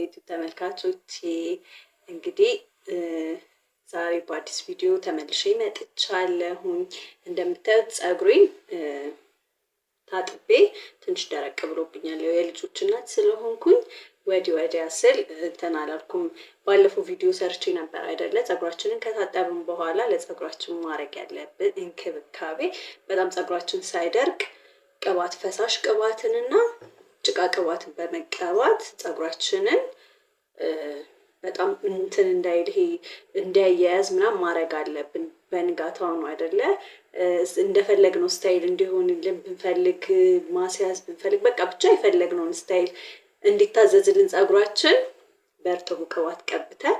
ውድ ተመልካቾቼ እንግዲህ ዛሬ በአዲስ ቪዲዮ ተመልሼ መጥቻለሁኝ። እንደምታዩት ፀጉሬን ታጥቤ ትንሽ ደረቅ ብሎብኛል። ያው የልጆች እናት ስለሆንኩኝ ወዲህ ወዲያ ስል እንትን አላልኩም። ባለፈው ቪዲዮ ሰርቼ ነበር አይደለ? ፀጉራችንን ከታጠብን በኋላ ለፀጉራችን ማድረግ ያለብን እንክብካቤ በጣም ፀጉራችን ሳይደርቅ ቅባት፣ ፈሳሽ ቅባትንና ጭቃ ቅባትን በመቀባት ጸጉራችንን በጣም እንትን እንዳይል ይሄ እንዳያያዝ ምናምን ማድረግ አለብን። በንጋታው ነው አይደለ? እንደፈለግነው ስታይል እንዲሆንልን ብንፈልግ ማስያዝ ብንፈልግ በቃ ብቻ የፈለግነውን ስታይል እንዲታዘዝልን ጸጉራችን በእርጥቡ ቅባት ቀብተን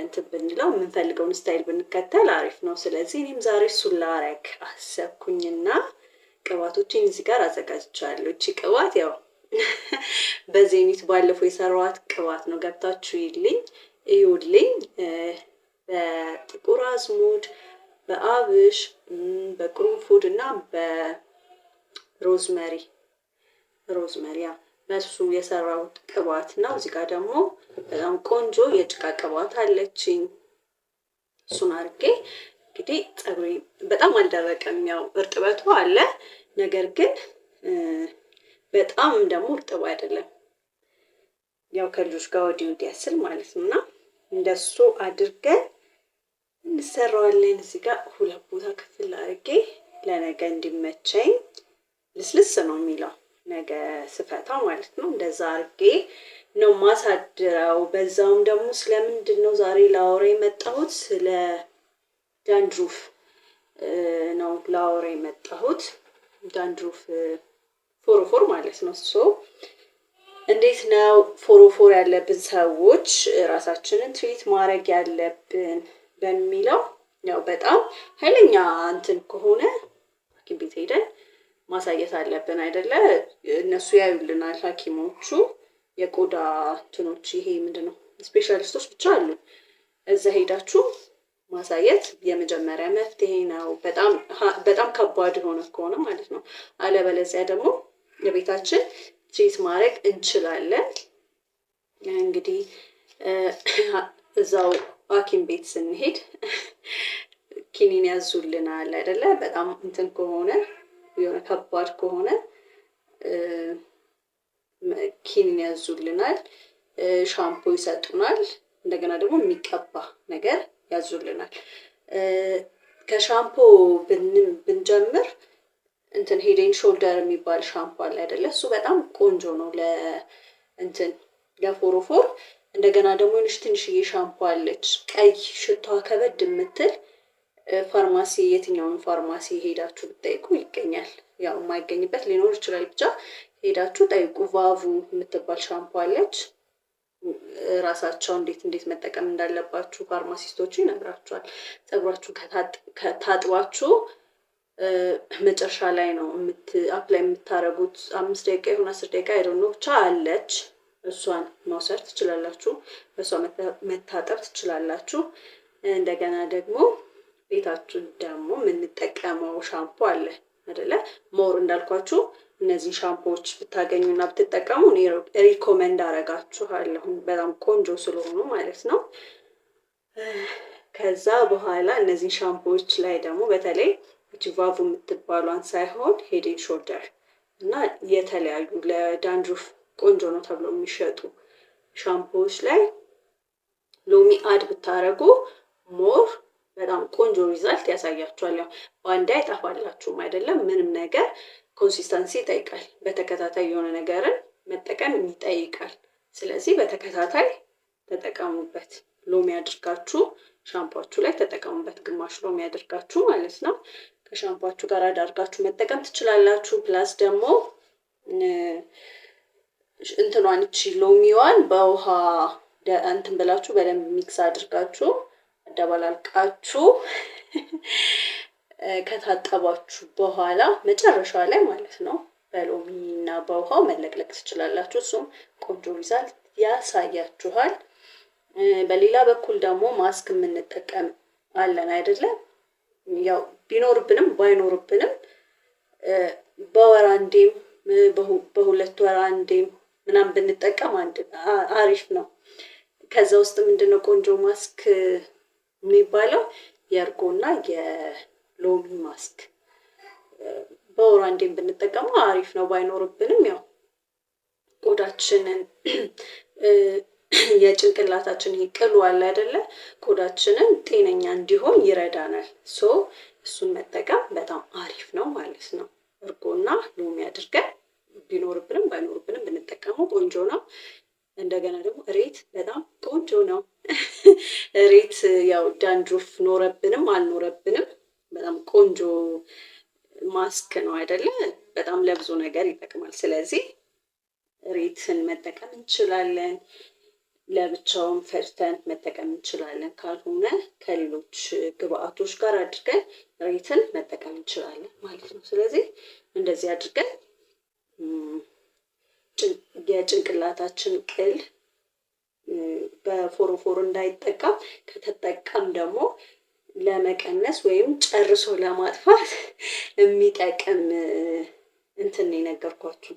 እንትን ብንለው የምንፈልገውን ስታይል ብንከተል አሪፍ ነው። ስለዚህ እኔም ዛሬ እሱን ላረግ አሰብኩኝና ቅባቶችን እዚህ ጋር አዘጋጅቻለሁ። እቺ ቅባት ያው በዜኒት ባለፈው የሰራዋት ቅባት ነው። ገብታችሁ ይልኝ እዩልኝ። በጥቁር አዝሙድ፣ በአብሽ፣ በቅርንፉድ እና በሮዝመሪ ሮዝመሪያ በሱ የሰራሁት ቅባት ነው። እዚህ ጋር ደግሞ በጣም ቆንጆ የጭቃ ቅባት አለችኝ። እሱን አድርጌ እንግዲህ ፀጉሬ በጣም አልደረቀም፣ ያው እርጥበቱ አለ ነገር ግን በጣም ደግሞ እርጥብ አይደለም። ያው ከልጆች ጋር ወዲህ ወዲያ ማለት ነው እና እንደሱ አድርገን እንሰራዋለን። እዚህ ጋር ሁለት ቦታ ክፍል አድርጌ ለነገ እንዲመቸኝ ልስልስ ነው የሚለው ነገ ስፈታ ማለት ነው። እንደዛ አድርጌ ነው ማሳድረው። በዛውም ደግሞ ስለምንድን ነው ዛሬ ላወራ የመጣሁት ስለ ዳንድሩፍ ነው ላወራ የመጣሁት ዳንድሩፍ ፎሮፎር ማለት ነው። ሶ እንዴት ነው ፎሮፎር ያለብን ሰዎች ራሳችንን ትሪት ማድረግ ያለብን በሚለው ያው በጣም ኃይለኛ እንትን ከሆነ ሐኪም ቤት ሄደን ማሳየት አለብን አይደለ? እነሱ ያዩልናል ሐኪሞቹ የቆዳ እንትኖች ይሄ ምንድን ነው ስፔሻሊስቶች ብቻ አሉ። እዛ ሄዳችሁ ማሳየት የመጀመሪያ መፍትሄ ነው፣ በጣም ከባድ የሆነ ከሆነ ማለት ነው። አለበለዚያ ደግሞ ቤታችን ትሪት ማድረግ እንችላለን። እንግዲህ እዛው ሐኪም ቤት ስንሄድ ኪኒን ያዙልናል አይደለ? በጣም እንትን ከሆነ የሆነ ከባድ ከሆነ ኪኒን ያዙልናል። ሻምፖ ይሰጡናል። እንደገና ደግሞ የሚቀባ ነገር ያዙልናል። ከሻምፖ ብንጀምር እንትን ሄዴን ሾልደር የሚባል ሻምፖ አለ አይደለ? እሱ በጣም ቆንጆ ነው ለእንትን ለፎሮፎር። እንደገና ደግሞ ንሽ ትንሽዬ ሻምፖ አለች ቀይ ሽቷ ከበድ የምትል ፋርማሲ፣ የትኛውን ፋርማሲ ሄዳችሁ ብጠይቁ ይገኛል። ያው የማይገኝበት ሊኖር ይችላል፣ ብቻ ሄዳችሁ ጠይቁ። ቫቡ የምትባል ሻምፖ አለች። ራሳቸው እንዴት እንዴት መጠቀም እንዳለባችሁ ፋርማሲስቶቹ ይነግራችኋል። ጸጉራችሁ ከታጥባችሁ መጨረሻ ላይ ነው አፕላይ የምታደርጉት። አምስት ደቂቃ ይሁን አስር ደቂቃ አይደኖ ብቻ አለች። እሷን መውሰድ ትችላላችሁ። በእሷ መታጠብ ትችላላችሁ። እንደገና ደግሞ ቤታችሁ ደግሞ የምንጠቀመው ሻምፖ አለ አደለ? ሞር እንዳልኳችሁ እነዚህ ሻምፖዎች ብታገኙና ብትጠቀሙ ሪኮመንድ አረጋችኋለሁ። በጣም ቆንጆ ስለሆኑ ማለት ነው። ከዛ በኋላ እነዚህ ሻምፖዎች ላይ ደግሞ በተለይ እቺ ቫቭ የምትባሏን ሳይሆን ሄድን ሾልደር እና የተለያዩ ለዳንድሩፍ ቆንጆ ነው ተብለው የሚሸጡ ሻምፖዎች ላይ ሎሚ አድ ብታረጉ ሞር በጣም ቆንጆ ሪዛልት ያሳያችኋል። ያው በአንዴ አይጠፋላችሁም አይደለም፣ ምንም ነገር ኮንሲስተንሲ ይጠይቃል። በተከታታይ የሆነ ነገርን መጠቀም ይጠይቃል። ስለዚህ በተከታታይ ተጠቀሙበት። ሎሚ አድርጋችሁ ሻምፖችሁ ላይ ተጠቀሙበት፣ ግማሽ ሎሚ አድርጋችሁ ማለት ነው። ከሻምፖችሁ ጋር አዳርጋችሁ መጠቀም ትችላላችሁ። ፕላስ ደግሞ እንትኗን እቺ ሎሚዋን በውሃ እንትን ብላችሁ በደንብ ሚክስ አድርጋችሁ አደባላልቃችሁ ከታጠባችሁ በኋላ መጨረሻ ላይ ማለት ነው በሎሚ እና በውሃው መለቅለቅ ትችላላችሁ። እሱም ቆንጆ ይዛል ያሳያችኋል። በሌላ በኩል ደግሞ ማስክ የምንጠቀም አለን አይደለም ያው ቢኖርብንም ባይኖርብንም በወር አንዴም በሁለት ወር አንዴም ምናምን ብንጠቀም አሪፍ ነው። ከዛ ውስጥ ምንድነው ቆንጆ ማስክ የሚባለው የእርጎና የሎሚ ማስክ በወር አንዴም ብንጠቀመው አሪፍ ነው። ባይኖርብንም ያው ቆዳችንን የጭንቅላታችን ይቅሉ ቅሉ አለ አይደለ? ቆዳችንን ጤነኛ እንዲሆን ይረዳናል። ሶ እሱን መጠቀም በጣም አሪፍ ነው ማለት ነው። እርጎና ሎሚ አድርገን ቢኖርብንም ባይኖርብንም ብንጠቀመው ቆንጆ ነው። እንደገና ደግሞ እሬት በጣም ቆንጆ ነው። እሬት ያው ዳንድሩፍ ኖረብንም አልኖረብንም በጣም ቆንጆ ማስክ ነው አይደለ? በጣም ለብዙ ነገር ይጠቅማል። ስለዚህ እሬትን መጠቀም እንችላለን። ለብቻውን ፈጭተን መጠቀም እንችላለን። ካልሆነ ከሌሎች ግብአቶች ጋር አድርገን ሬትን መጠቀም እንችላለን ማለት ነው። ስለዚህ እንደዚህ አድርገን የጭንቅላታችን ቅል በፎሮፎር እንዳይጠቀም ከተጠቀም ደግሞ ለመቀነስ ወይም ጨርሶ ለማጥፋት የሚጠቅም እንትን የነገርኳችሁ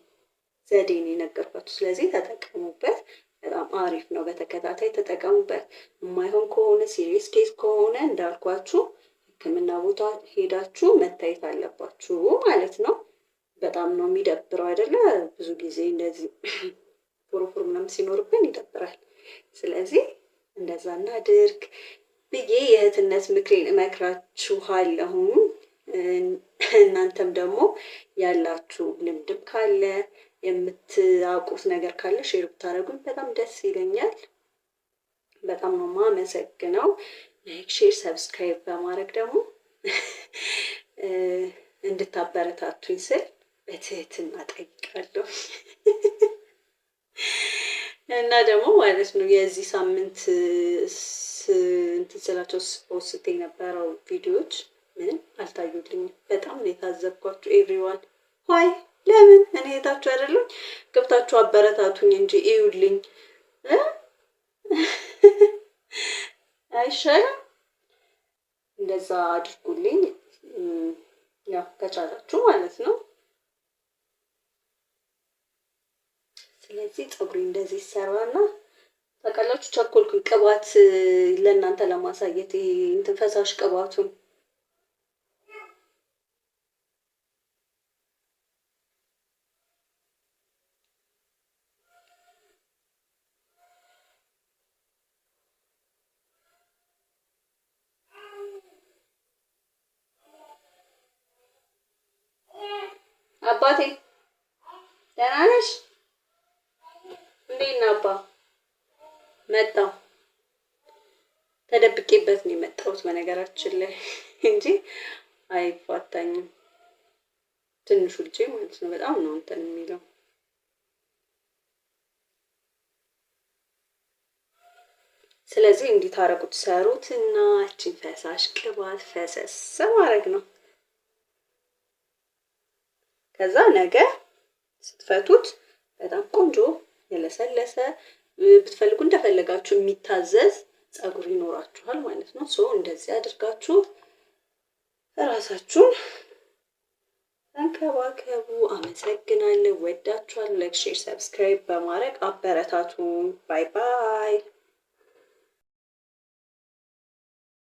ዘዴን የነገርኳችሁ። ስለዚህ ተጠቀሙበት። በጣም አሪፍ ነው። በተከታታይ ተጠቀሙበት። የማይሆን ከሆነ ሲሪየስ ኬዝ ከሆነ እንዳልኳችሁ ሕክምና ቦታ ሄዳችሁ መታየት አለባችሁ ማለት ነው። በጣም ነው የሚደብረው አይደለ? ብዙ ጊዜ እንደዚህ ፎሮፎር ምናምን ሲኖርብን ይደብራል። ስለዚህ እንደዛ እናድርግ ብዬ የእህትነት ምክሬን እመክራችኋለሁ። እናንተም ደግሞ ያላችሁ ልምድም ካለ የምታውቁት ነገር ካለ ሼር ብታደርጉኝ በጣም ደስ ይለኛል። በጣም ነው የማመሰግነው። ላይክ፣ ሼር፣ ሰብስክራይብ በማድረግ ደግሞ እንድታበረታቱኝ ስል በትህትና ጠይቃለሁ። እና ደግሞ ማለት ነው የዚህ ሳምንት እንትን ስላቸው ፖስት የነበረው ቪዲዮዎች ምንም አልታዩልኝም። በጣም ነው የታዘብኳችሁ ኤቭሪዋን ሆይ ለምን እኔ እህታችሁ አይደለኝ? ገብታችሁ አበረታቱኝ እንጂ እዩልኝ። አይሻልም? እንደዛ አድርጉልኝ ያው ከቻላችሁ ማለት ነው። ስለዚህ ፀጉሪ እንደዚህ ይሰራና ታውቃላችሁ፣ ቸኮልኩኝ ቅባት ለእናንተ ለማሳየት ይሄ እንትን ፈሳሽ ቅባቱን አባቴ ደህና ነሽ? እንዴት አባ? መጣው ተደብቄበት ነው የመጣሁት በነገራችን ላይ እንጂ አይፋታኝም። ትንሹ ልጄ ማለት ነው። በጣም ነው እንትን የሚለው ስለዚህ እንዲታረቁት ሰሩትና እቺን ፈሳሽ ቅባት ፈሰስ ማድረግ ነው። ከዛ ነገ ስትፈቱት በጣም ቆንጆ የለሰለሰ ብትፈልጉ እንደፈለጋችሁ የሚታዘዝ ጸጉር ይኖራችኋል ማለት ነው። ሶ እንደዚህ አድርጋችሁ እራሳችሁን ተንከባከቡ። አመሰግናለሁ። ወዳችኋለሁ። ላይክ፣ ሼር፣ ሰብስክራይብ በማድረግ አበረታቱ። ባይ ባይ።